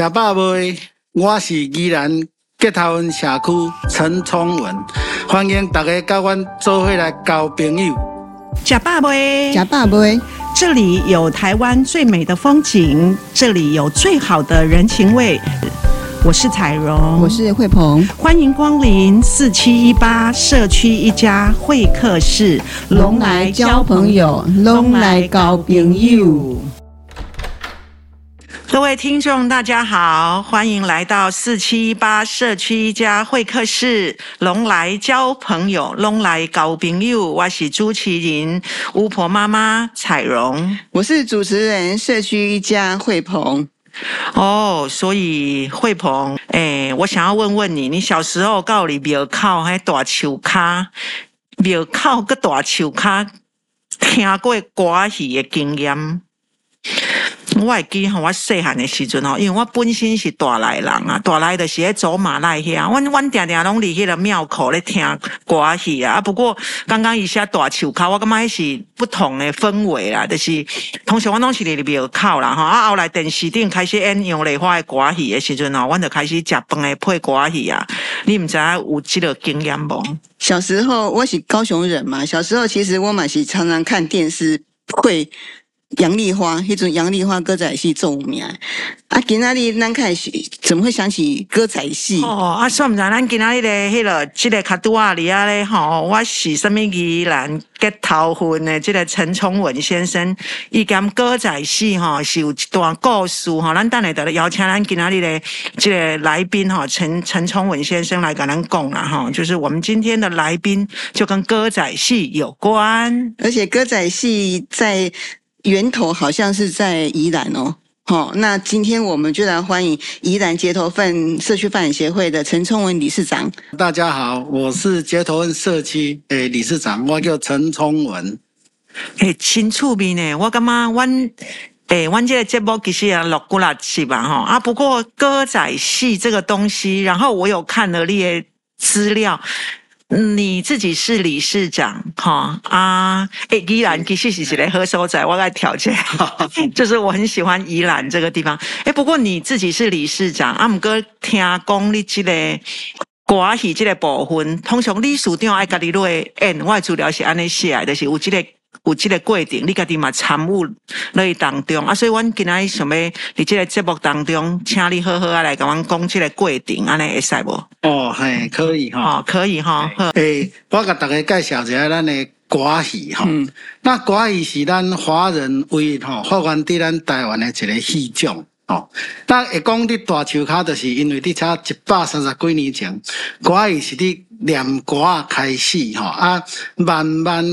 吃飽沒，我是宜蘭結頭份社區陳聰文，歡迎大家跟阮做伙來交朋友。吃飽沒，吃飽沒，這裡有台灣最美的風景，這裡有最好的人情味。我是彩蓉，我是惠鵬，歡迎光臨四七一八社區一家會客室，攏來交朋友，攏來交朋友。各位聽眾，大家好，歡迎來到四七八社區一家會客室，龍來交朋友，龍來交朋友。我是朱麒麟，巫婆媽媽彩蓉，我是主持人社區一家惠鵬。哦，所以惠鵬，哎、欸，我想要問問你，你小時候告你廟口還大樹跤，廟口個大樹跤，聽過歌戲的經驗？我會記吼，我細漢嘅時陣吼，因為我本身是大來人啊，大來就是喺祖馬內鄉，阮阮定定攏佇迄個廟口咧聽歌仔戲啊。啊，不過剛剛一下大樹骹，我感覺是不同的氛圍啦，就是通常我攏是佇廟口啦吼。啊，後來電視頂開始演楊麗花嘅歌仔戲嘅時陣啊，阮就開始食飯誒配歌仔戲啊。你毋知影有即個經驗無？小時候我是高雄人嘛，小時候其實我嘛是常常看電視會。楊麗花，迄陣楊麗花歌仔戲有名。啊，今仔日咱開始怎麼會想起歌仔戲？哦，啊說不定咱今仔日咧，迄、這個即、那個卡杜阿里啊咧，吼、哦，我是什麼宜蘭結頭份的，即個陳聰文先生。伊兼歌仔戲吼、哦，是有一段故事吼。咱等下得了要邀請咱今仔日咧即個來賓吼，陳陳聰文先生來跟咱講啦吼。就是我們今天的來賓就跟歌仔戲有關，而且歌仔戲在源頭好像是在宜蘭哦，好、哦，那今天我們就來歡迎宜蘭結頭份社區發展協會的陳聰文理事長。大家好，我是結頭份社區誒、哎、理事長，我叫陳聰文。誒、哎，清楚明呢，我感覺我誒，我這、哎哎、個節目其實也錄過了是吧齁，啊，不過歌仔戲這個東西，然後我有看了你的資料。你自己是理事長，哈啊！哎、欸，宜蘭其實是是一個好所在，我來調節。就是我很喜歡宜蘭這個地方。哎、欸，不過你自己是理事長，啊毋過聽講你即個關係即個部分，通常理事長愛家己落 n 我資料是安尼寫，就是有即、這個。有即個過程，你家己嘛參與在當中啊，所以阮今仔想要在即個節目當中，請你好好啊來甲阮講即個過程安尼會使無？哦，嘿，可以哈，好、哦，可以哈。誒嘿好、欸，我甲大家介紹一下咱的歌戲，哈。嗯嗯、那歌戲是咱華人為吼，發源佇咱台灣的一個戲種哦。那一講啲，大樹跤，就是因為你差一百三十幾年前，歌戲是你念歌開始吼，啊，慢慢。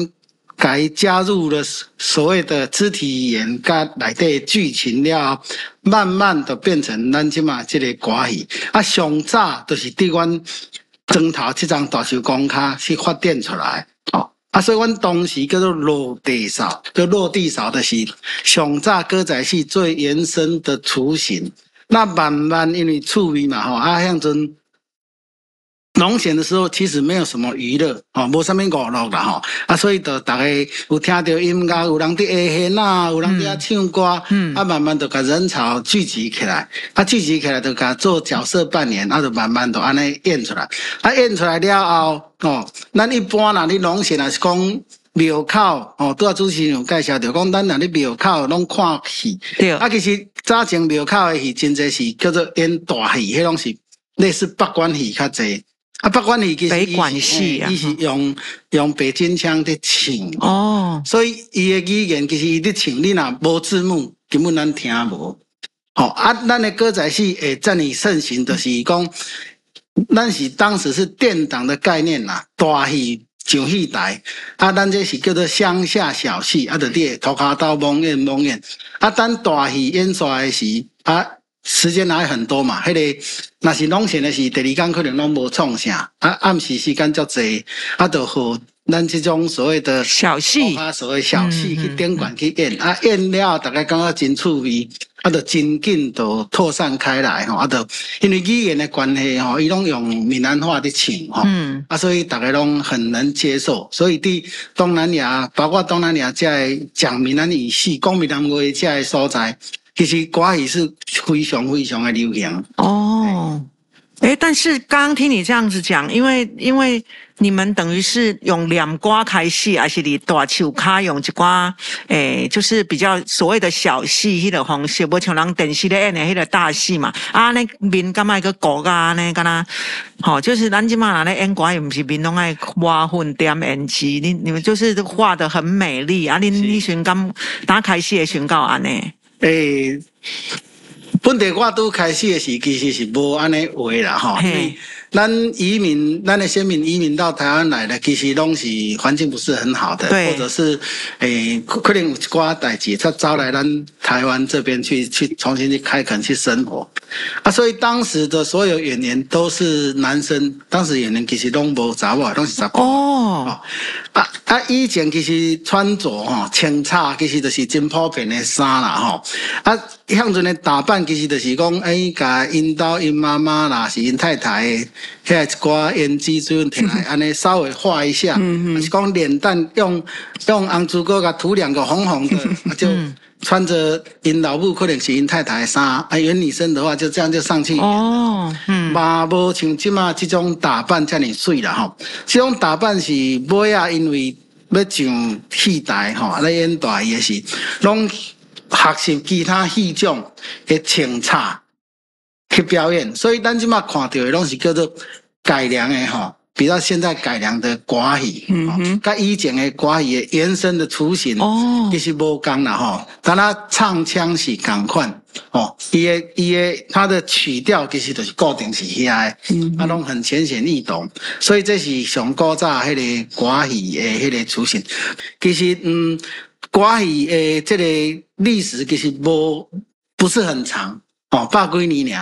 該加入了所所謂的肢體語言，跟內底劇情，要慢慢的變成咱這馬這個關係。啊，上早都是對阮結頭份這張大樹公卡去發展出來。哦，啊，所以阮當時叫做落地掃，叫落地掃的是，上早歌仔戲最延伸的雛形。那慢慢因為趣味嘛吼，啊，像種。農閒的時候，其實沒有什麼娛樂，哦，無什麼娛樂的吼。啊，所以就大家有聽到音樂，啊，有人在 A 線啦，有人在唱歌，嗯，嗯啊，慢慢都把人潮聚集起來，啊，聚集起來都把做角色扮演，啊，就慢慢就安尼演出來，啊，演出來了後，哦，咱一般啦，你農閒也是講廟口，哦，啊，拄阿主持人有介紹到，講咱那咧廟口攏看戲，對，哦，啊，其實早前廟口的戲真濟是叫做演大戲，迄種是類似北管戲較濟。啊，不管你其實你是你、啊嗯、是用用北京腔的唱，哦，哦，所以伊的語言其實伊的唱，你若無字幕根本難聽無。好啊，咱的歌仔戲誒在你盛行，就是講，咱是當時是殿堂的概念吶，啊，大戲上戲台，啊，咱這是叫做鄉下小戲，啊，就佇土骹兜忙演忙演，啊，等大戲演煞誒時啊。時間哪有很多嘛？迄、那個那是農閒的時，第二工可能攏無創啥。啊，暗時時間較儕，啊，就和咱這種所謂的小戲事，啊所謂小戲去頂懸去演。嗯嗯嗯啊演，演了大家感覺真趣味，啊，就真緊都擴散開來吼。啊，就因為語言的關係吼，伊、啊、攏用閩南話在唱吼，啊，嗯、啊，所以大家攏很難接受。所以，佇東南亞，包括東南亞在講閩南語系、講閩南話這些所在。其實歌也是非常非常的流行哦對，誒，但是剛剛聽你這樣子講，因為因為你們等於是用兩歌開戲，還是你大樹跤用一寡？誒，就是比較所謂的小戲，迄個方式，無、就是、像人電視演面迄個大戲嘛。啊，恁面咁愛去搞啊，恁干啦？好、哦，就是咱即嘛人咧演歌，又唔是面攏愛花粉點演技，你你們就是畫得很美麗啊！恁恁尋剛打開戲嘅宣告安尼。誒、欸，本地我拄開始誒時，其實是無安尼話啦吼。咱移民，咱的先民移民到台灣來的，其實攏是環境不是很好的，對 或者是誒、欸，可能有寡代志，才招來咱台灣這邊去去重新去開墾去生活，啊，所以當時的所有演員都是男生，當時演員其實攏無查某，攏是查埔。哦，啊啊，以前其實穿着吼，清茶其實都是真普遍的衫啦吼，啊，向著呢打扮其實都是講誒個，引導因媽媽啦，是因太太。起來一寡胭脂水粉，就停來安尼稍微畫一下， 是講臉蛋用用紅朱膏甲塗兩個紅紅的， 就穿着因老母可能是因太太的衫，啊，因女生的話就這樣就上去哦，嗯， 嘛無像即嘛這種打扮這麼水啦吼，這種打扮是尾仔因為要上戲台吼，啊來演台也是，攏學習其他戲種的穿插。去表演，所以咱即馬看到的攏是叫做改良的吼、喔，比到現在改良的歌戲，嗯哼，甲以前的歌戲的延伸的雛形，哦，其實無同啦吼，但拉唱腔是同款，哦，伊的伊的，他的曲調其實都是固定是遐個，啊，攏很淺顯易懂，所以這是上古早迄個歌戲的迄個雛形，其實嗯，歌戲誒，即個歷史其實無不，不是很長。哦，百幾年咧，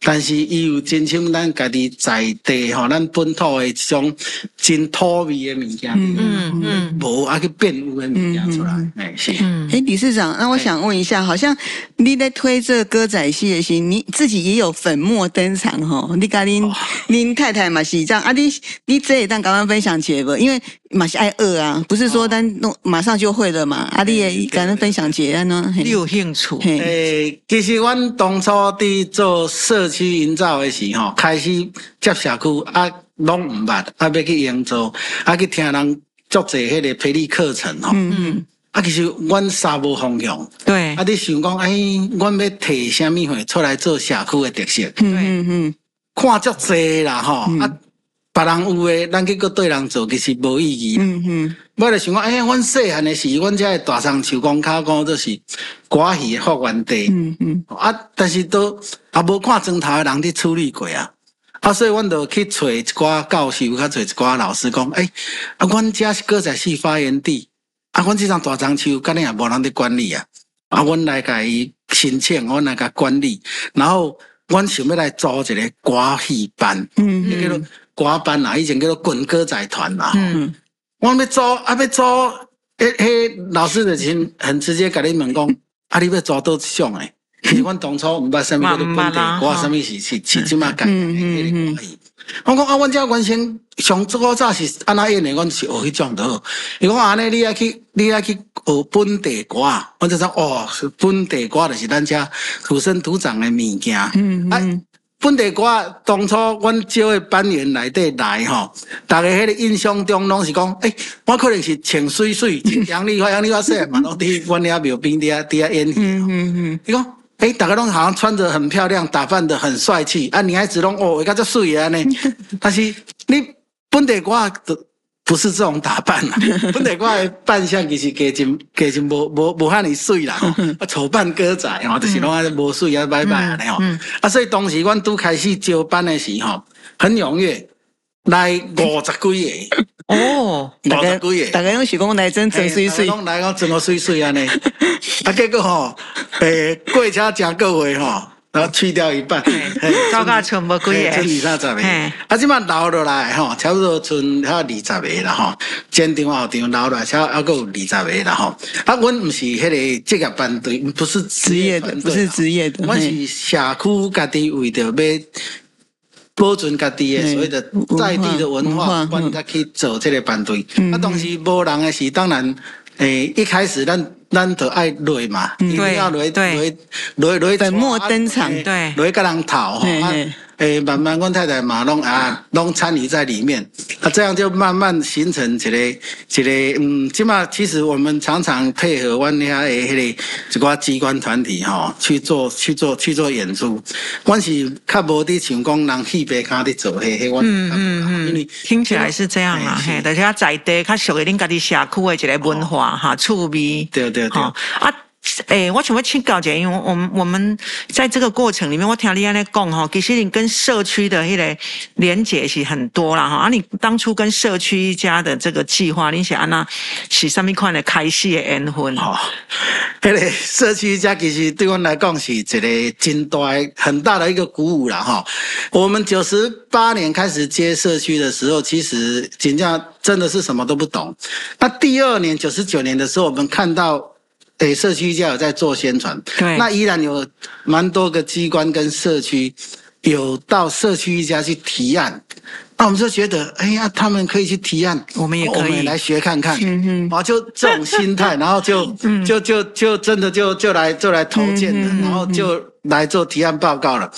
但是伊有真像咱家己在地吼，咱本土的一種真土味的物件、嗯，嗯嗯無啊去變味的物件出來，哎、嗯、是，哎理事長，那我想問一下，好像你在推這個歌仔戲也行，你自己也有粉墨登場吼，你甲你您、哦、太太嘛，市長啊，你你這一段剛剛分享起來不？因為嘛是愛餓啊，不是說咱弄馬上就會的嘛？啊，你也，咱分享一下呢？你有興趣？誒，其實阮當初佇做社區營造的時候，開始接社區，啊，攏毋捌，啊，要去營造，啊，去聽人足濟迄個培力課程吼。嗯嗯。啊，其實阮三無方向。對。啊，你想講，誒，阮要提蝦米出來做社區的特色？對？嗯嗯。看足濟啦，吼啊。別人有的，咱去擱對人做，其實無意義嗯。嗯就、欸、就嗯，我着想講，哎呀，阮細漢誒時，阮只個大樟樹公卡公都是歌仔戲發源地。嗯嗯，啊，但是都也無看針頭誒人佇處理過啊，啊，所以阮着去找一寡教授，甲找一寡老師講，哎、欸，啊，阮家是歌仔戲發源地，啊，阮只只大樟樹敢定也無人佇管理啊，啊，阮來甲伊申請，阮來甲伊管理，然後阮想要來組一個歌仔戲班，嗯嗯。嗯歌班啦，以前叫做滾歌仔團啦。嗯，我欲做啊，欲做誒！嘿、欸欸，老師的錢很直接，甲你問講， 啊，你要做多少種誒？其實阮當初毋捌什麼叫做本地歌，什麼是是是即馬講。嗯嗯，嗯，嗯，嗯我講啊，我這原先上這個早是安那演的，阮，就是學去唱的。如果安尼，你愛去，你愛去學本地歌，我就說哦，本地歌就是咱家土生土長的物件。嗯。嗯、啊.本地歌當初阮招的班員來得來吼，大家迄個印象中攏是講，誒、欸、我可能是穿水水，水、楊麗花、楊麗花式嘛，攏佇阮遐廟邊底下底下演戲。嗯嗯嗯，伊、欸、講，誒大家攏好像穿着很漂亮，打扮的很帥氣啊，女孩子攏哦，感覺水安尼，但是你本地歌。不是這種打扮嘛、啊，本來我的扮相其實個真個真無無無漢哩帥啦，啊丑扮哥仔吼，就是攏愛無水啊拜拜安尼吼，啊所以當時阮拄開始招班的時候，很踴躍來五十幾個對 哦，五十幾個大概用時光來整整水水，大家來講整個水水安尼， 啊結果吼、哦，誒過差真夠位吼、哦。然後去掉一半，大家全部歸個，剩二 十個。 啊，今嘛留落來吼，差不多剩下二十個了吼。前場後場留落來，才還有二十個了吼。啊，我唔是迄個職業團隊，不是職業，業的，不是職業的。我們是社區家己為着要保存家己的，所謂的在地的文化，我才去做這個團隊。嗯嗯啊，當時無人的時，當然。誒、欸，一開始咱咱就愛擂嘛，一定、嗯、要擂擂擂擂，粉墨登場對，擂跟人討吼。對對對。誒、欸，慢慢，阮太太嘛攏啊攏參與在裡面，啊，這樣就慢慢形成一個一個嗯，起碼其實我們常常配合阮遐的迄個一寡機關團體吼、喔、去做去做去做演出，阮是較無佇想講人戲別家滴做嘿、那、嘿、個，阮嗯嗯嗯，嗯嗯因為聽起來是這樣啊嘿，而且在地較屬於恁家己社區的一個文化哈趣味，對對對啊。誒、欸，我想要請教一下，因為我們我們在這個過程裡面，我聽你安尼講哈，其實你跟社區的迄個連接是很多了哈。啊，你當初跟社區一家的這個計劃，你想啊那是什麼款的開的緣分哈？誒、哦，社區一家其實對我們來講是一個驚呆很大的一個鼓舞了哈、哦。我們九十八年開始接社區的時候，其實人家真的是什麼都不懂。那第二年九十九年的時候，我們看到。對、欸、社區一家有在做宣傳，對，那依然有蠻多個機關跟社區有到社區一家去提案，那我們就覺得，哎呀，他們可以去提案，我們也可以，我們也來學看看，嗯嗯，然後就這種心態，然後就就就就真的就就來就來投件，嗯嗯嗯，然後就來做提案報告了。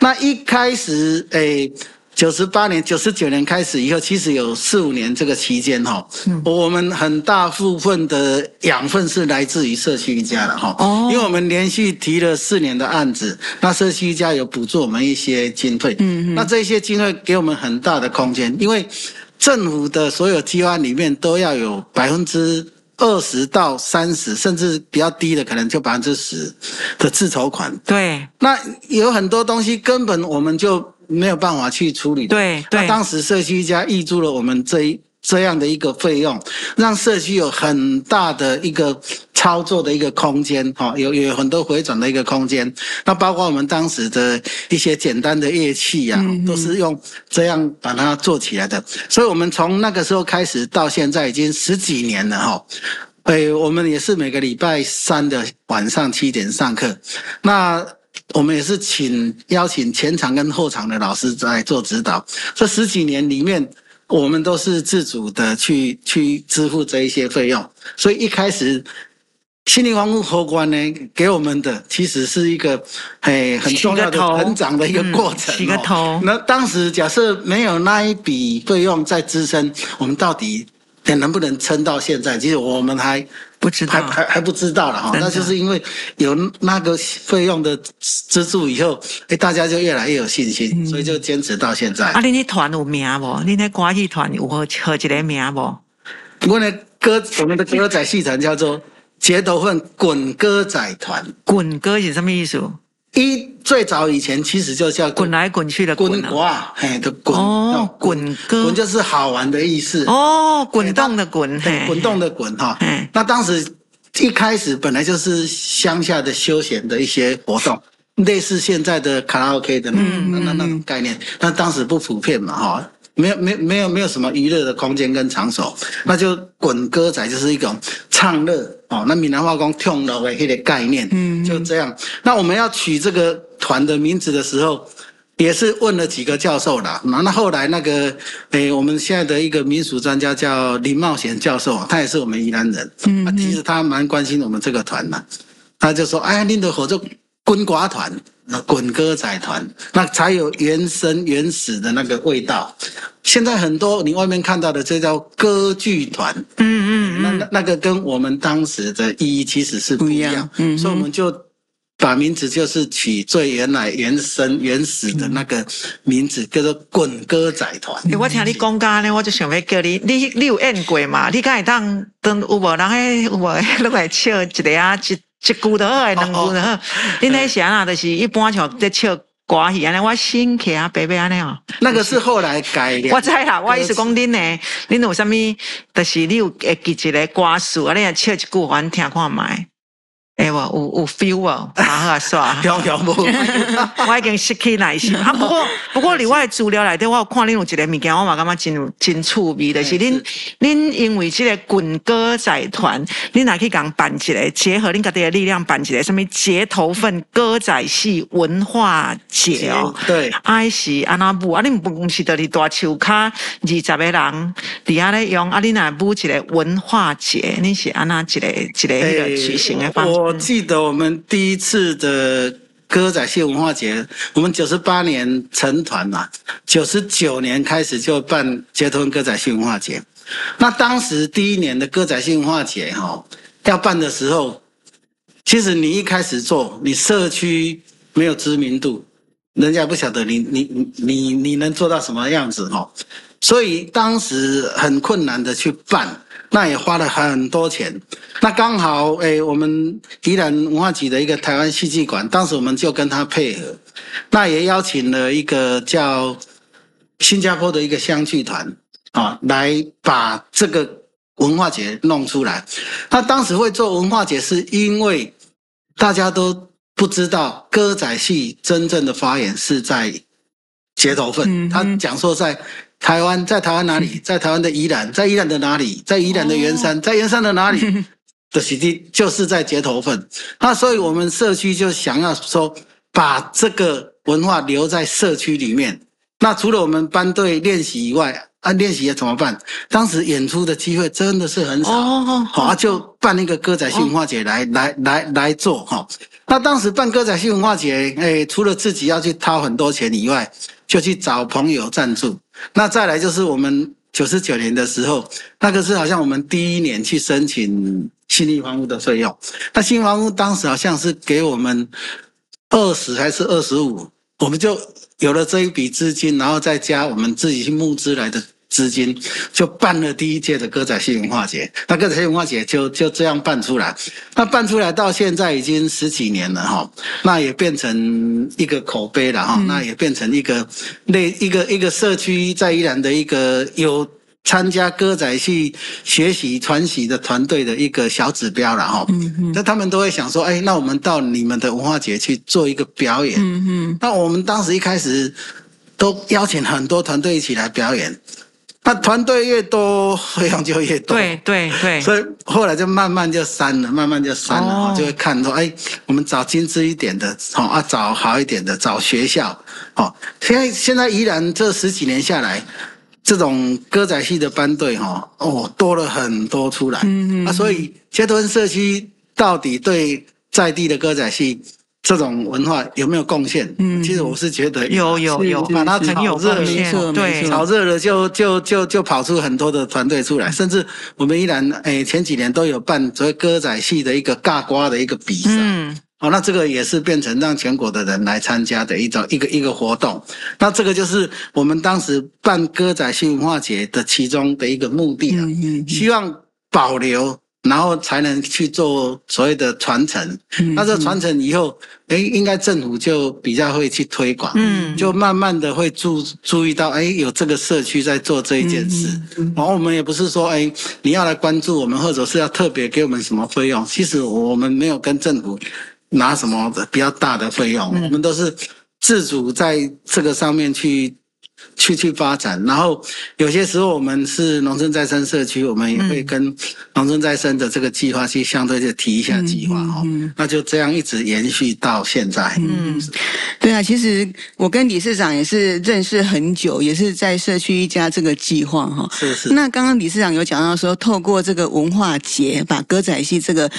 那一開始，誒、欸。九十八年、九十九年開始以後，其實有四五年這個期間，哈，嗯、我們很大部分的養分是來自於社區一家的，哈，哦、因為我們連續提了四年的案子，那社區一家有補助我們一些經費，嗯、哼那這些經費給我們很大的空間，因為政府的所有計劃裡面都要有百分之二十到三十，甚至比較低的可能就百分之十的自籌款，對，那有很多東西根本我們就。沒有辦法去處理。對對，那當時社區家預付了我們這一這樣的一個費用，讓社區有很大的一個操作的一個空間，哈，有有很多迴轉的一個空間。那包括我們當時的一些簡單的樂器呀，都是用這樣把它做起來的。所以我們從那個時候開始到現在已經十幾年了，哈。哎，我們也是每個禮拜三的晚上七點上課。那。我們也是請邀請前場跟後場的老師在做指導。這十幾年裡面，我們都是自主的去去支付這一些費用，所以一開始信義房屋托管呢，給我們的其實是一個很很重要的成長的一個過程。起個頭。那當時假設沒有那一筆費用在支撐，我們到底能不能撐到現在？其實我們還不知道，還還還不知道了哈。的那就是因為有那個費用的資助以後，哎，大家就越來越有信心，嗯、所以就堅持到現在。啊，你那團有名不？你那歌劇團有好幾個名不？我呢歌我們的歌,歌仔戲團叫做結頭份滾歌仔團。滾歌是什麼意思？一最早以前其實就叫滾來滾去的滾，嘿的滾，哦滾歌，滾就是好玩的意思。哦，滾動的滾，對，滾動的滾哈。那當時一開始本來就是鄉下的休閒的一些活動，類似現在的卡拉 OK 的那那那種概念，但、嗯嗯嗯、當時不普遍嘛哈，沒有沒有沒有沒有什麼娛樂的空間跟場所，那就滾歌仔就是一種唱樂。哦，那閩南話講“跳樓”的那個概念，嗯，就這樣。嗯、那我們要取這個團的名字的時候，也是問了幾個教授啦。嗯、那後來那個，哎、欸，我們現在的一個民俗專家叫林茂賢教授，他也是我們宜蘭人嗯，嗯，其實他蠻關心我們這個團的。他就說：“哎，你的合作滾瓜團，那滾歌仔團，那才有原生原始的那個味道。現在很多你外面看到的，這叫歌劇團。”嗯。那個跟我們當時的意義其實是不一樣，嗯嗯嗯，所以我們就把名字就是取最原來、原生、原始的那個名字，叫做“滾歌仔團”欸。我聽你講到呢，我就想要你，你你有演過嘛？嗯、你當當有，沒有，人有，沒有人笑一啊，一一頭兩頭。就哦、你那是，就是一般像在笑歌仔啊，我新起啊，白白啊，那個是後來改的。我知道啦，我意思講恁呢，恁歌詞 有啥咪？就是你有會記一個歌詞啊，唱一句還聽看賣。誒，哇，欸，有有 feel 哦。啊是吧？講講 無， 我已經失去耐心。 啊，不過不過你外資料來聽，我有看恁有一個物件，我嘛感覺真真趣味。就是恁恁，欸、因為這個滾歌仔團，恁還，嗯、去以講辦一個結合恁家己的力量辦一個什麼結頭份歌仔戲文化節哦。對，愛是安那舞啊恁辦公室的哩大樹骹二十個人底下咧用啊，恁若舞一個文化節，恁是安那一個，欸、一個那個舉行的方法。我我記得我們第一次的歌仔戲文化節，我們九十八年成團嘛，九十九年開始就辦結頭份歌仔戲文化節。那當時第一年的歌仔戲文化節哈，要辦的時候，其實你一開始做，你社區沒有知名度，人家不曉得你你你你你能做到什麼樣子哈、哦，所以當時很困難的去辦。那也花了很多錢，那剛好，哎、欸，我們宜蘭文化局的一個台灣戲劇館，當時我們就跟他配合，那也邀請了一個叫新加坡的一個相劇團啊，來把這個文化節弄出來。他當時會做文化節，是因為大家都不知道歌仔戲真正的發言是在結頭份，嗯嗯他講說在。台灣在台灣哪裡？在台灣的宜蘭，在宜蘭的哪裡？在宜蘭的圓山，在圓山的哪裡的基地？ 就是在結頭份。那所以我們社區就想要說，把這個文化留在社區裡面。那除了我們班隊練習以外，啊，練習也怎麼辦？當時演出的機會真的是很少，好啊、哦，哦哦、就辦一個歌仔戲文化節來來來來做哈。那當時辦歌仔戲文化節，哎、欸，除了自己要去掏很多錢以外，就去找朋友贊助。那再來就是我們九十九年的時候，那個是好像我們第一年去申請信義房屋的費用，那信義房屋當時好像是給我們二十還是二十五，我們就有了這一筆資金，然後再加我們自己去募資來的。資金就辦了第一屆的歌仔戲文化節，那歌仔戲文化節就就這樣辦出來。那辦出來到現在已經十幾年了哈，那也變成一個口碑了哈，嗯、那也變成一個那一個一個社區在宜蘭的一個有參加歌仔戲學習傳習的團隊的一個小指標了哈。那、嗯嗯、他們都會想說，哎、欸，那我們到你們的文化節去做一個表演。嗯，嗯，那我們當時一開始都邀請很多團隊一起來表演。他團隊越多，費用就越多。對對對，所以後來就慢慢就刪了，慢慢就刪了，哦、就會看到，哎、欸，我們找精致一點的，哦啊，找好一點的，找學校，哦，現在現在宜蘭這十幾年下來，這種歌仔戲的班隊，哈哦，多了很多出來。嗯嗯 哼。啊，所以結頭份社區到底對在地的歌仔戲？這種文化有沒有貢獻？嗯，其實我是覺得有有有，把它炒熱了，沒錯沒錯，對，炒熱了就就就就跑出很多的團隊出來，甚至我們宜蘭欸，前幾年都有辦所謂歌仔戲的一個尬瓜的一個比賽，嗯，好，那這個也是變成讓全國的人來參加的一種一個一個，一個活動，那這個就是我們當時辦歌仔戲文化節的其中的一個目的啊，嗯，嗯，希望保留。然後才能去做所謂的傳承，嗯，嗯、那這傳承以後，哎、欸，應該政府就比較會去推廣，嗯、就慢慢的會注注意到，哎、欸，有這個社區在做這一件事。嗯嗯、然後我們也不是說，哎、欸，你要來關注我們，或者是要特別給我們什麼費用，其實我們沒有跟政府拿什麼比較大的費用，嗯、我們都是自主在這個上面去。去去發展，然後有些時候我們是農村再生社區，我們也會跟農村再生的這個計劃去相對的提一下計劃，嗯嗯、那就這樣一直延續到現在。嗯，對啊，其實我跟理事長也是認識很久，也是在社區一家這個計劃哈。是是。那剛剛理事長有講到說，透過這個文化節，把歌仔戲這個。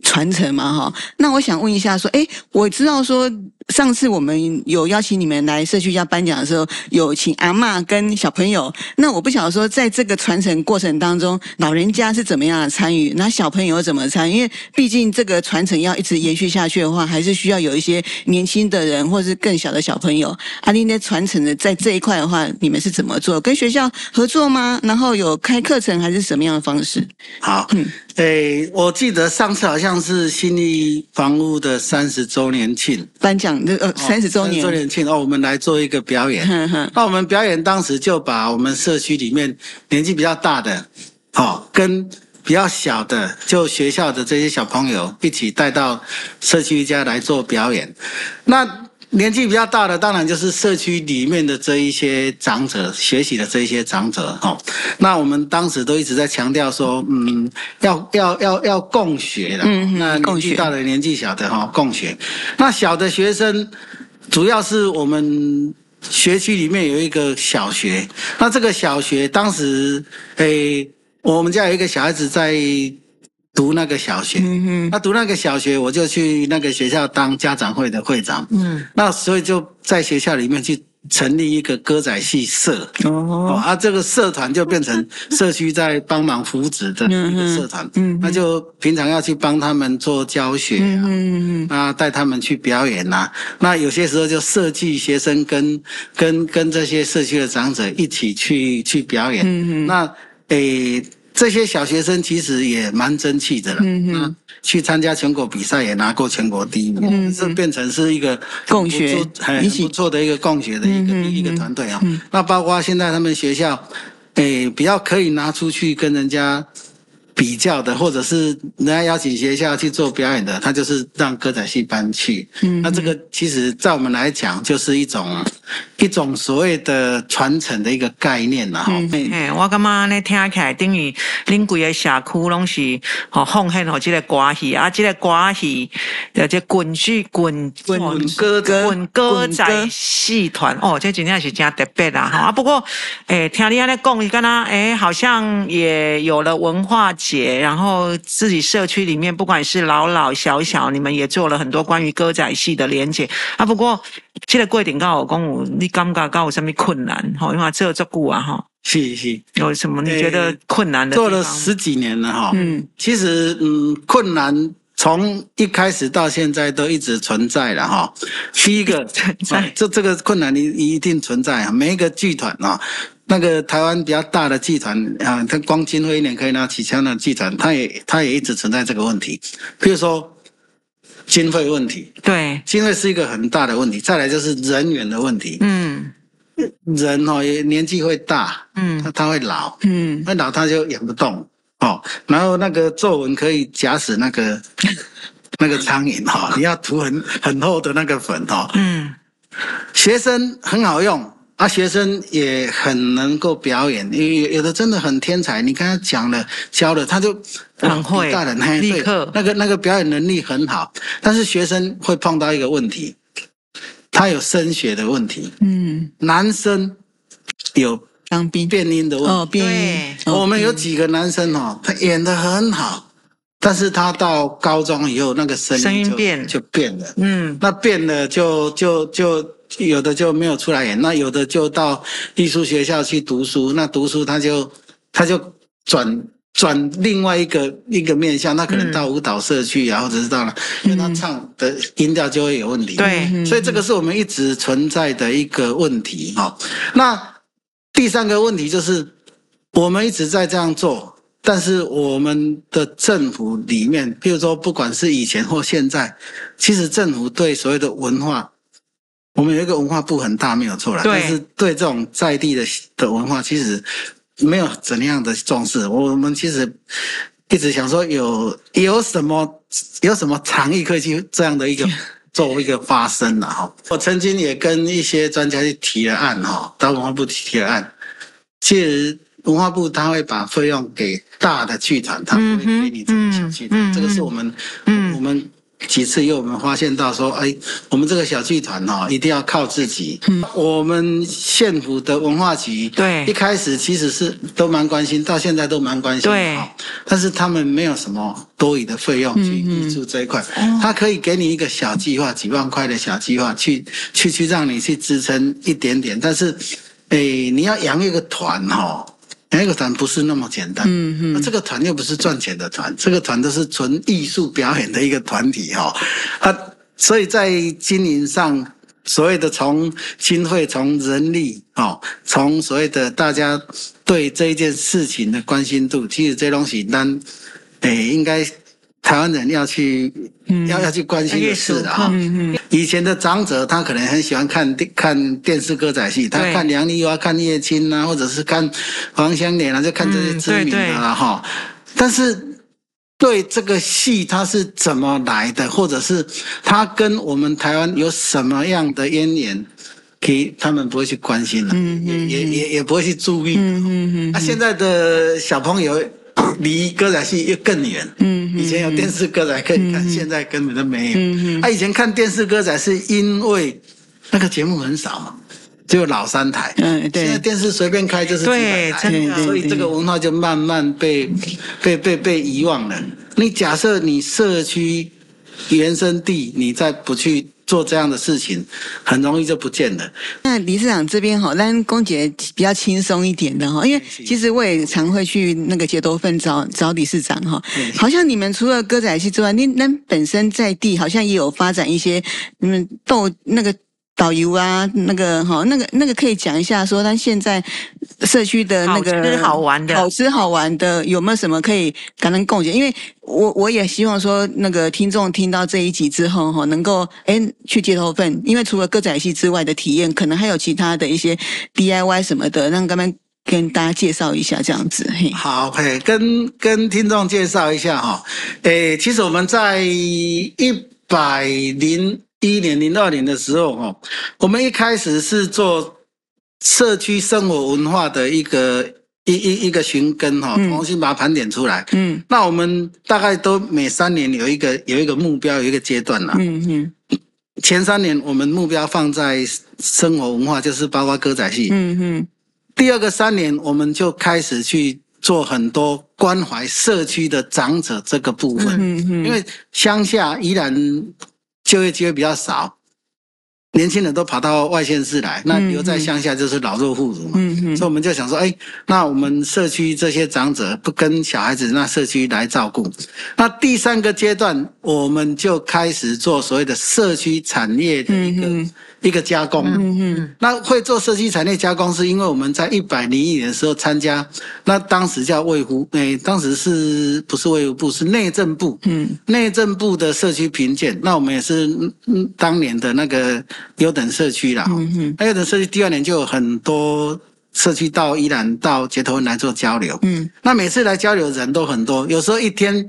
傳承嘛，哈。那我想問一下，說，誒、欸、我知道說，上次我們有邀請你們來社區家頒獎的時候，有請阿嬤跟小朋友。那我不曉得說，在這個傳承過程當中，老人家是怎麼樣的參與，那小朋友怎麼參與？因為畢竟這個傳承要一直延續下去的話，還是需要有一些年輕的人，或是更小的小朋友。阿麗娜傳承的在這一塊的話，你們是怎麼做？跟學校合作嗎？然後有開課程，還是什麼樣的方式？好，嗯。 欸，我記得上次好像是信義房屋的三十週年慶頒獎，那呃三十週年三十週年慶哦，我們來做一個表演。呵呵，那我們表演當時就把我們社區裡面年紀比較大的，哦，跟比較小的，就學校的這些小朋友一起帶到社區一家來做表演。那年紀比較大的，當然就是社區裡面的這一些長者，學習的這一些長者哈。那我們當時都一直在強調說，嗯，要要要要共學的，嗯，嗯，那年紀大的、年紀小的哈，共學。那小的學生，主要是我們學區裡面有一個小學，那這個小學當時，誒，欸，我們家有一個小孩子在。讀那個小學，那、嗯、哼讀那個小學，我就去那個學校當家長會的會長。嗯，那所以就在學校裡面去成立一個歌仔戲社。哦，哦，啊，這個社團就變成社區在幫忙扶持的一個社團。嗯哼，那就平常要去幫他們做教學。嗯嗯嗯，啊，嗯、哼帶他們去表演啊。那有些時候就設計學生跟跟跟這些社區的長者一起去去表演。嗯嗯哼，那誒。這些小學生其實也蠻爭氣的了，嗯哼，嗯，去參加全國比賽也拿過全國第一名，是、嗯嗯、變成是一個不錯、共學、欸、很不錯的一個共學的一個、嗯哼、一個團隊啊。嗯嗯、那包括現在他們學校，哎、欸，比較可以拿出去跟人家。比較的，或者是人家邀請學校去做表演的，他就是讓歌仔戲班去。嗯哼，那這個其實，在我們來講，就是一種一種所謂的傳承的一個概念吶。哈，哎，我感覺呢聽起來等於恁整個社區攏是奉獻好，好這個歌戲啊，這個歌戲，而滾去滾滾歌、滾歌，歌，歌仔戲團，哦，這今天是真特別啦、啊。哈、嗯啊，不過哎、欸，聽你安尼講，你講啦，哎、欸，好像也有了文化。然後自己社區裡面，不管是老老小小，你們也做了很多關於歌仔戲的連結啊。不過，記、這、得、個、過一點告老公，你感覺告訴我什麼困難？好，因為這這個啊，哈。是是，有什麼你覺得困難的、欸？做了十幾年了哈。嗯，其實嗯，困難從一開始到現在都一直存在了哈。第一個存在，這這個困難你一定存在，每一個劇團啊。那個台灣比較大的劇團啊，它，光經費一年可以拿幾千萬，劇團它也它也一直存在這個問題，比如說經費問題，對，經費是一個很大的問題。再來就是人員的問題，嗯，人哦年紀會大，嗯，他會老，嗯，會老他就演不動，哦，然後那個皺紋可以夾死那個 那個蒼蠅哈，你要塗很很厚的那個粉哦，嗯，學生很好用。他學生也很能夠表演，有有的真的很天才。你看他講了教了，他就很、嗯、會，一大人立刻對那個那個表演能力很好。但是學生會碰到一個問題，他有升學的問題。嗯，男生有當兵、變音的哦，變音、嗯。我們有幾個男生哦，他演得很好。但是他到高中以後，那個聲音就就變了聲音變就變了，嗯，那變了就就就有的就沒有出來演，那有的就到藝術學校去讀書，那讀書他就他就轉轉另外一個一個面向，那可能到舞蹈社去，然後只是到了，嗯、因為他唱的音調就會有問題，對，嗯、所以這個是我們一直存在的一個問題哈。那第三個問題就是我們一直在這樣做。但是我們的政府裡面，譬如說，不管是以前或現在，其實政府對所謂的文化，我們有一個文化部很大，沒有錯啦。對但是對這種在地的的文化，其實沒有怎樣的重視。我們其實一直想說有，有有什麼有什麼倡議可以去這樣的一個作為一個發聲呢？哈， 我曾經也跟一些專家去提了案哈，當文化部提了案，其實文化部他會把費用給大的劇團，他們不會給你這個小劇團。這個是我們我們幾次又我們發現到說，哎，我們這個小劇團哦，一定要靠自己。我們縣府的文化局對一開始其實是都蠻關心，到現在都蠻關心。對，但是他們沒有什麼多餘的費用去資助這一塊。他可以給你一個小計劃，幾萬塊的小計劃去去去讓你去支撐一點點。但是，哎，你要養一個團哈。那個團不是那麼簡單，嗯嗯 哼，啊、這個團又不是賺錢的團，這個團都是純藝術表演的一個團體哈、哦，啊，所以在經營上，所謂的從經費、從人力，哦，從所謂的大家對這一件事情的關心度，其實這東西，當誒應該。台灣人要去，要要去關心的事的啊。嗯嗯。以前的長者，他可能很喜歡看電看電視歌仔戲，他看楊麗花、看葉青啊，或者是看黃香蓮啊，就看這些知名啊哈。但是對這個戲，他是怎麼來的，或者是他跟我們台灣有什麼樣的淵源，可以他們不會去關心的，也也也也不會去注意、啊。那、啊、現在的小朋友。離歌仔戲又更遠。嗯，以前有電視歌仔可以看，現在根本都沒有。他以前看電視歌仔是因為那個節目很少，只有老三台。嗯，對。現在電視隨便開就是幾百台，所以這個文化就慢慢被被被被遺忘了。你假設你社區原生地，你再不去。做這樣的事情，很容易就不見了。那理事長這邊哈，但公姐比較輕鬆一點的哈，因為其實我也常會去那個結頭份找找理事長哈。 好像你們除了歌仔戲之外，你能本身在地好像也有發展一些，你們豆那個。導遊啊，那個哈，那個那個可以講一下說，他現在社區的那個好的，好玩的，好吃好玩的，好吃好玩的有沒有什麼可以跟他們共享？因為我我也希望說，那個聽眾聽到這一集之後哈，能夠誒、欸、去結頭份，因為除了歌仔戲之外的體驗，可能還有其他的一些 DIY 什麼的，讓他們跟大家介紹一下這樣子。嘿，好，可、okay，以跟跟聽眾介紹一下哈、哦，哎、欸，其實我們在一百零。一一年零二年的時候，哈，我們一開始是做社區生活文化的一個一一一個尋根，哈，重新把它盤點出來。嗯，那我們大概都每三年有一個有一個目標，有一個階段了。嗯嗯，嗯，前三年我們目標放在生活文化，就是包括歌仔戲。嗯。嗯嗯，第二個三年我們就開始去做很多關懷社區的長者這個部分。嗯嗯，嗯，因為鄉下依然。就業機會比較少，年輕人都跑到外縣市來，那留在鄉下就是老弱婦孺嘛。嗯、哼所以我們就想說，哎、欸，那我們社區這些長者不跟小孩子，那社區來照顧。那第三個階段，我們就開始做所謂的社區產業的一個。一個加工嗯哼，嗯嗯，那會做社區產業加工，是因為我們在一百零一年的時候參加，那當時叫衛福，哎、欸，當時是不是衛福部？是內政部，嗯，內政部的社區評鑑，那我們也是當年的那個優等社區啦，嗯嗯哼，優等社區第二年就有很多社區到宜蘭到結頭份來做交流，嗯，那每次來交流的人都很多，有時候一天。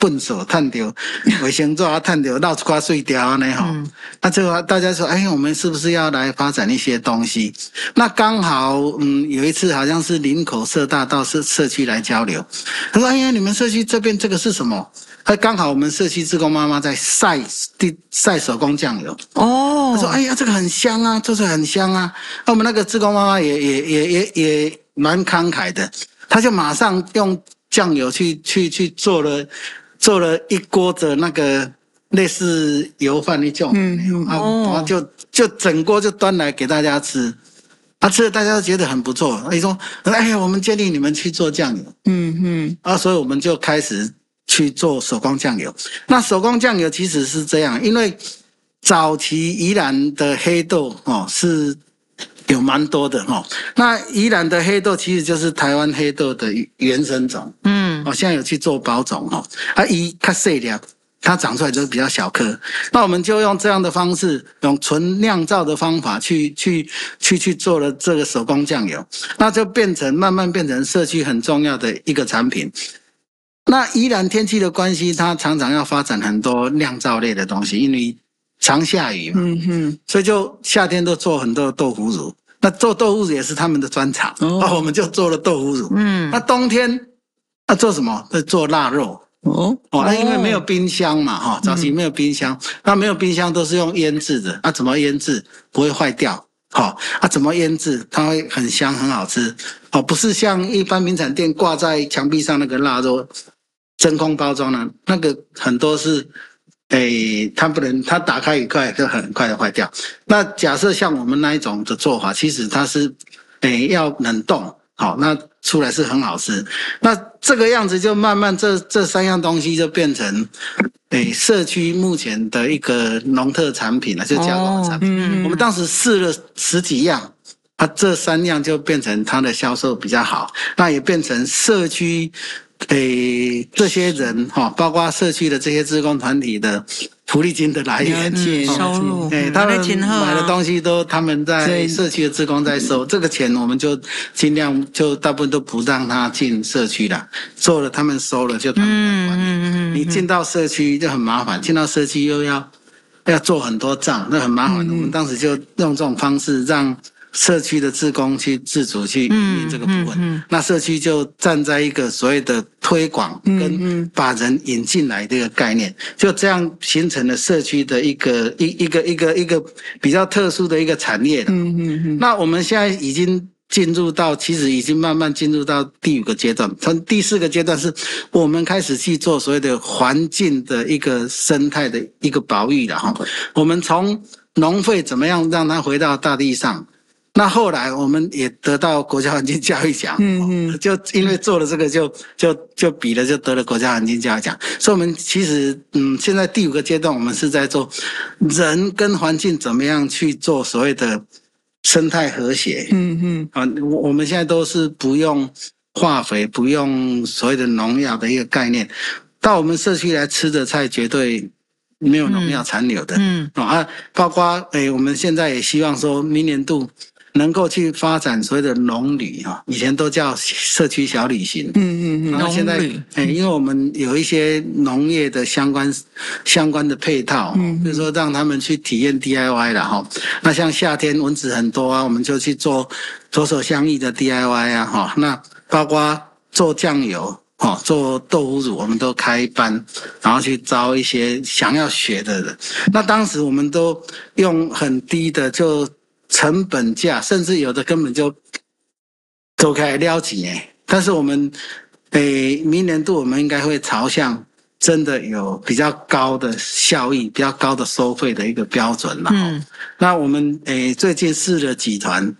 笨手探丟衛生做啊探丟鬧出瓜碎掉那哈。那最後大家說：“哎，我們是不是要來發展一些東西？”那剛好，嗯，有一次好像是林口社大到社社區來交流，他說：“哎呀，你們社區這邊這個是什麼？”哎，剛好我們社區志工媽媽在曬地曬手工醬油哦。他說：“哎呀，這個很香啊，這是很香啊。”那我們那個志工媽媽也也也也也蠻慷慨的，他就馬上用醬油去去去做了。做了一鍋的那個類似油飯那種，嗯哦、啊，就就整鍋就端來給大家吃，啊，吃的大家都覺得很不錯，你說，哎呀，我們建議你們去做醬油，嗯嗯，嗯啊，所以我們就開始去做手工醬油。那手工醬油其實是這樣，因為早期宜蘭的黑豆哦是有蠻多的哈、哦，那宜蘭的黑豆其實就是台灣黑豆的原生種，嗯。哦，現在有去做包種哦，啊，一它碎的，它長出來就是比較小顆。那我們就用這樣的方式，用純釀造的方法去去去去做了這個手工醬油，那就變成慢慢變成社區很重要的一個產品。那宜蘭天氣的關係，它常常要發展很多釀造類的東西，因為常下雨嘛，嗯哼所以就夏天都做很多的豆腐乳，那做豆腐乳也是他們的專長，哦，哦，我們就做了豆腐乳，嗯，那冬天。那、啊、做什麼？在做臘肉哦。那、啊、因為沒有冰箱嘛哈，早期沒有冰箱，那、嗯、沒有冰箱都是用醃製的、啊。那怎麼醃製不會壞掉？哦，啊怎麼醃製？它會很香，很好吃哦。不是像一般名產店掛在牆壁上那個臘肉，真空包裝呢，那個很多是誒、欸，它不能，它打開一塊就很很快的壞掉。那假設像我們那一種的做法，其實它是誒、欸、要冷凍。好，那出來是很好吃，那這個樣子就慢慢這這三樣東西就變成，誒、欸、社區目前的一個農特產品了，就加工的產品。哦嗯、我們當時試了十幾樣，啊這三樣就變成它的銷售比較好，那也變成社區。哎、欸，這些人哈，包括社區的這些志工團體的福利金的來源、去、嗯、收入，哎、嗯，他們買的東西都他們在社區的志工在收，以這個錢我們就盡量就大部分都不讓他進社區了。做了他們收了就他們來管理。嗯嗯嗯嗯、你進到社區就很麻煩，進到社區又要要做很多賬，那很麻煩、嗯嗯、我們當時就用這種方式讓。社區的志工去自主去運營這個部分、嗯，嗯嗯、那社區就站在一個所謂的推廣跟把人引進來這個概念、嗯，嗯、就這樣形成了社區的一個一個一個一個一個一個比較特殊的一個產業、嗯。嗯嗯、那我們現在已經進入到，其實已經慢慢進入到第五個階段，從第四個階段是我們開始去做所謂的環境的一個生態的一個保育了哈。我們從農廢怎麼樣讓它回到大地上？那後來我們也得到國家環境教育獎，嗯，就因為做了這個，就就就比了，就得了國家環境教育獎。所以，我們其實，嗯，現在第五個階段，我們是在做人跟環境怎麼樣去做所謂的生態和諧。嗯嗯，啊，我我們現在都是不用化肥、不用所謂的農藥的一個概念。到我們社區來吃的菜，絕對沒有農藥殘留的。嗯啊，包括誒、欸、我們現在也希望說，明年度。能夠去發展所謂的農旅哈、喔，以前都叫社區小旅行，嗯嗯，然後那現在、欸，因為我們有一些農業的相關相關的配套，嗯，比如說讓他們去體驗 DIY 了哈、喔，那像夏天蚊子很多啊，我們就去做左手香的 DIY 啊哈、喔，那包括做醬油哈、喔，做豆腐乳，我們都開班，然後去招一些想要學的人，那當時我們都用很低的就。成本價，甚至有的根本就走開，撩起哎。但是我們，誒、欸，明年度我們應該會朝向真的有比較高的效益、比較高的收費的一個標準了。嗯、那我們誒、欸，最近試了幾團，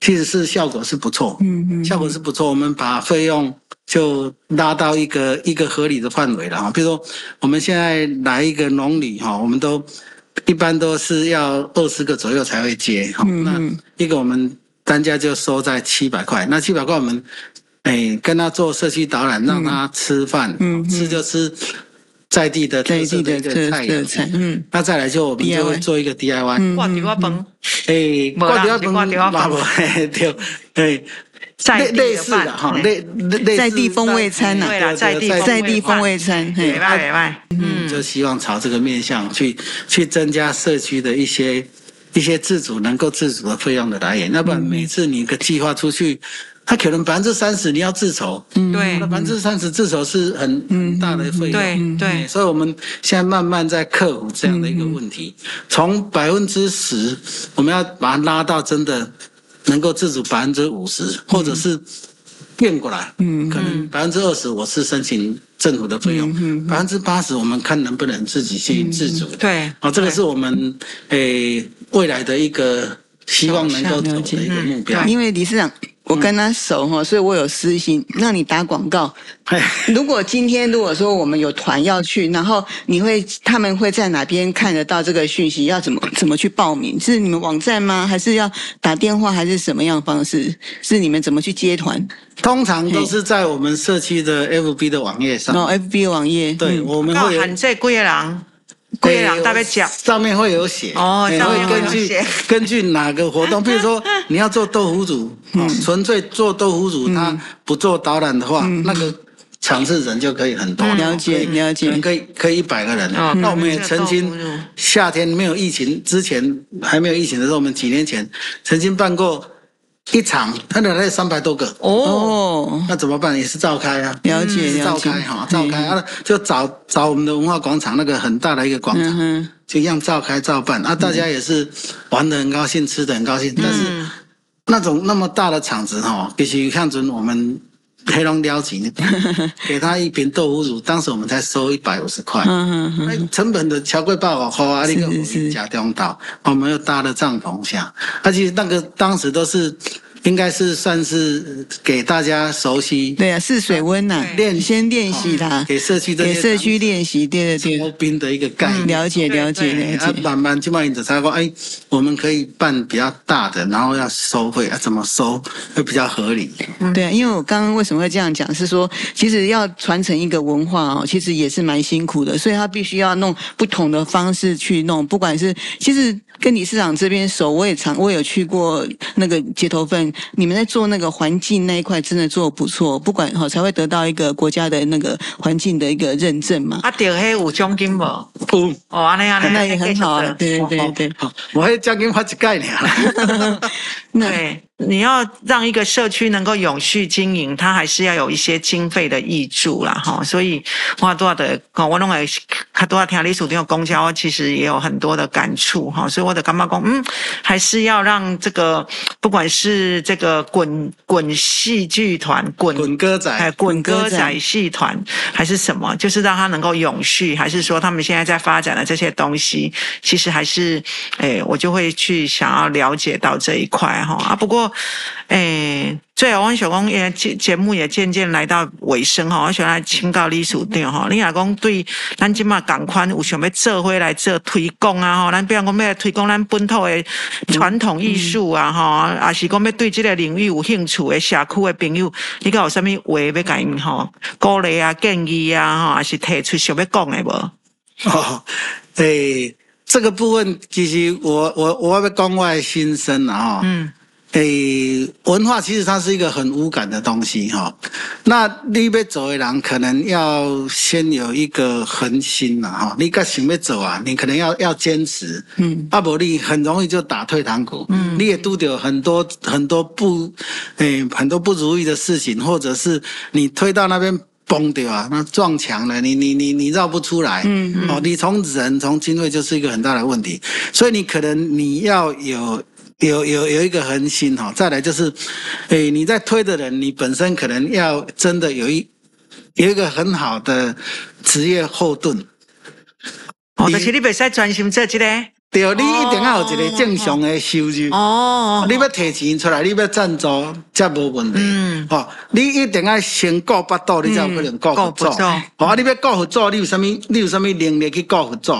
其實是效果是不錯。嗯嗯，嗯。效果是不錯，我們把費用就拉到一個一個合理的範圍了哈。比如說，我們現在來一個農旅哈，我們都。一般都是要二十個左右才會接，那一個我們單價就收在七百塊。那七百塊我們，哎、欸，跟他做社區導覽，讓他吃飯，吃就吃在地的特色的一個菜。嗯，那再來就我們就會做一個 DIY，掛吊掛燈，哎、嗯，掛吊掛吊掛吊，對。欸類類似的哈，類、欸、類似在地風味餐吶、啊，對啦，在地對在地風味餐，沒壞沒壞。嗯，就希望朝這個面向去去增加社區的一些一些自主能夠自主的費用的來源，要不然每次你一個計劃出去，他可能百分之三十你要自籌、嗯，對，百分之三十自籌是很很大的費用，對、嗯，所以我們現在慢慢在克服這樣的一個問題，從百分之十，我們要把它拉到真的。能夠自主百分之五十，或者是變過來，嗯，嗯嗯，可能百分之二十我是申請政府的費用，百分之八十我們看能不能自己去自主。嗯、對，啊、哦，這個是我們誒、欸、未來的一個希望能夠走的一個目標。因為理事長。我跟他熟哈，所以我有私心讓你打廣告。如果今天如果說我們有團要去，然後你會他們會在哪邊看得到這個訊息？要怎麼怎麼去報名？是你們網站嗎？還是要打電話，還是什麼樣的方式？是你們怎麼去接團？通常都是在我們社區的 FB 的網頁上。哦，FB 的網頁。對，我們會。喊在貴人。對呀，大概講，上面會有寫哦、欸，會根據、哦、根據哪個活動，比、嗯、如說你要做豆腐乳，哦嗯、純粹做豆腐乳，它不做導覽的話，嗯、那個場次人就可以很多，了解、嗯、了解，了解嗯、你可以可以一百個人。那、嗯、我們也曾經夏天沒有疫情之前，還沒有疫情的時候，我們幾年前曾經辦過。一場，他來了三百多個哦，那怎麼辦？也是召開啊，了解了解哈，召開啊，就找找我們的文化廣場那個很大的一個廣場，就一樣召開照辦啊，大家也是玩得很高興，吃得很高興，但是那種那麼大的場子哈，必須看準我們黑龍江那邊，給他一瓶豆腐乳，當時我們才收一百五十塊，嗯，成本的超貴爆哦，那個克姆加中島，我們又搭了帳篷下，而且那個當時都是。應該是算是給大家熟悉，對啊，試水溫啊。練、啊、對先練習它，哦、給社區，給社區練習，第二，對，對,對，兵的一個概念，了解、嗯、了解，了解，慢慢你就慢引導他過，哎，我們可以辦比較大的，然後要收費、啊，怎麼收會比較合理？嗯、對啊，因為我剛剛為什麼會這樣講，是說其實要傳承一個文化哦，其實也是蠻辛苦的，所以他必須要弄不同的方式去弄，不管是其實跟理事長這邊熟，我也常我也有去過那個結頭份。你們在做那個環境那一塊，真的做得不錯，不管哈、哦，才會得到一個國家的那個環境的一個認證嘛。啊，就嘿有獎金不？不、嗯，哦，安尼、啊、那也很好，的對對對。我還獎金發幾蓋呢？哈哈哈哈哈。對。你要讓一個社區能夠永續經營，它還是要有一些經費的挹注啦，哈。所以，花多少的我弄為，看多少條歷史有公交，其實也有很多的感觸哈。所以我的乾媽公，嗯，還是要讓這個不管是這個滾滾戲劇團、滾滾歌仔、滾、哎、滾歌仔戲團，還是什麼，就是讓它能夠永續，還是說他們現在在發展的這些東西，其實還是哎、欸，我就會去想要了解到這一塊哈。啊，不過。誒、欸，最後我想講，誒，節目也漸漸來到尾聲哈。我想來請教理事長哈，你若講對咱今嘛咁款有想要做伙來做推廣啊？哈，咱比方講，要推廣咱本土的傳統藝術啊？哈、嗯，也、嗯、是講要對這個領域有興趣的社區的朋友，你閣有啥咪話要甲因講？哈，鼓勵啊，建議啊，哈，還是提出想要講的無？哦，誒，這個部分其實我我我要講我的心聲啊，嗯。誒、欸，文化其實它是一個很無感的東西哈、喔。那你要走一郎可能要先有一個恆心吶哈。你該行沒走啊？你可能要要堅持。嗯。啊不然你很容易就打退堂鼓。嗯。你也丟有很多很多不誒、欸、很多不如意的事情，或者是你推到那邊崩掉啊，那撞牆了，你你你你繞不出來。嗯嗯。哦、喔，你從人從精銳就是一個很大的問題，所以你可能你要有。有有有一個恆心哈，再來就是，哎、欸，你在推的人，你本身可能要真的有一有一個很好的職業後盾。哦，但、就是你袂使專心做這個。對，你一定要有一個正常的收入。哦。哦哦你要提錢出來，你要贊助，才無問題。嗯。哦，你一定要先顧腹肚，你才可能顧佛祖。顧佛祖。不哦、嗯啊，你要顧佛祖，你有什麼你有什麼能力去顧佛祖？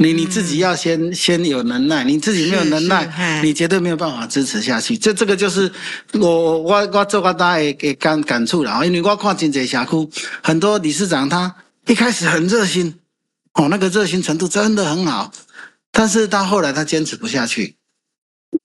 你你自己要先先有能耐，你自己沒有能耐，是是你絕對沒有辦法支持下去。是這這個就是我我我做我大也給感感觸了，因為我看金賊俠窟，很多理事長他一開始很熱心，哦，那個熱心程度真的很好，但是到後來他堅持不下去。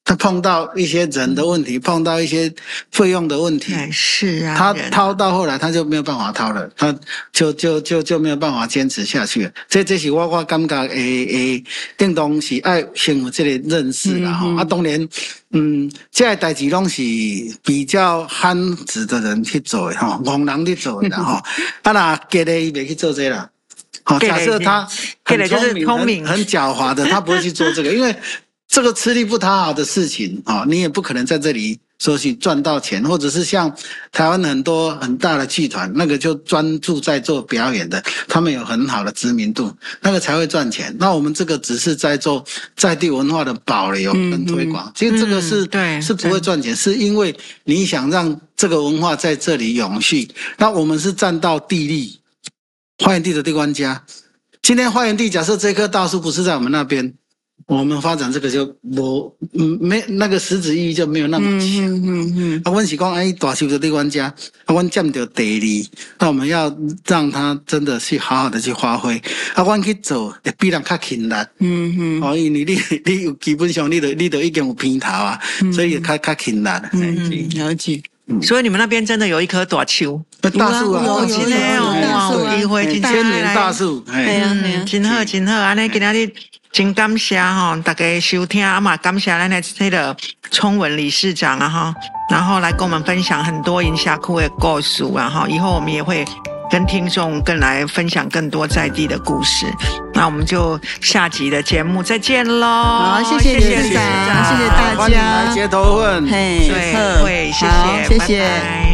他碰到一些人的問題，碰到一些費用的問題，哎、是啊，他掏到後來他就沒有辦法掏了，他就就就就，就沒有辦法堅持下去了。這這是我我感覺誒誒，定當是愛先我這裡認識的哈。嗯、哼啊，當然，嗯，這代志攏是比較憨直的人去做的哈，戇人去做的哈。嗯、哼啊，那給了伊袂去做這個啦，好的，假設他給了就是聰明，就是明很，很狡猾的，他不會去做這個，因為。這個吃力不討好的事情啊，你也不可能在這裡說去賺到錢，或者是像台灣很多很大的劇團，那個就專注在做表演的，他們有很好的知名度，那個才會賺錢。那我們這個只是在做在地文化的保留跟推廣，嗯嗯其實這個是、嗯、是不會賺錢，對是因為你想讓這個文化在這裡永續。那我們是占到地利，發源地的地廣家。今天發源地假設這棵大樹不是在我們那邊。我們發展這個就無嗯沒那個實質意義，就沒有那麼強。嗯嗯，啊，阮是講哎，大樹的綠玩家，啊，阮占着地利，那我們要讓它真的去好好的去發揮。啊，阮去做，也必然較勤難。嗯嗯。啊，因為你你有基本上你都你都已經有平台啊，所以較較困難。嗯，了解。所以你們那邊真的有一棵大樹。大樹啊，有有有有。千年大樹，千年大樹。對啊，對啊。真好，真好！啊，你給他哩。真感謝哈，大家收聽啊嘛！感謝咱的這個聰文理事長啊哈，然後來跟我們分享很多銀霞庫的故事啊哈。然後以後我們也會跟聽眾更來分享更多在地的故事。 那我們就下集的節目再見嘍！好，謝謝理事長，謝謝大家。謝謝大家，歡迎來結頭份，對對，好，謝謝。Bye bye